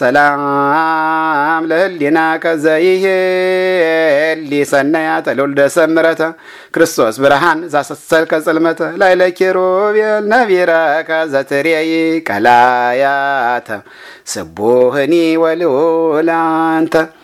ሰላም ለህሊናከ ዘይሄሊ ሰናያ ለወልደ ሰምረተ ክርስቶስ ብርሃን ዛሰሰል ከጽልመተ ላይለ ኪሩቤል ነቢረከ ዘትሬይ ቀላያተ ስቡህኒ ወልውላንተ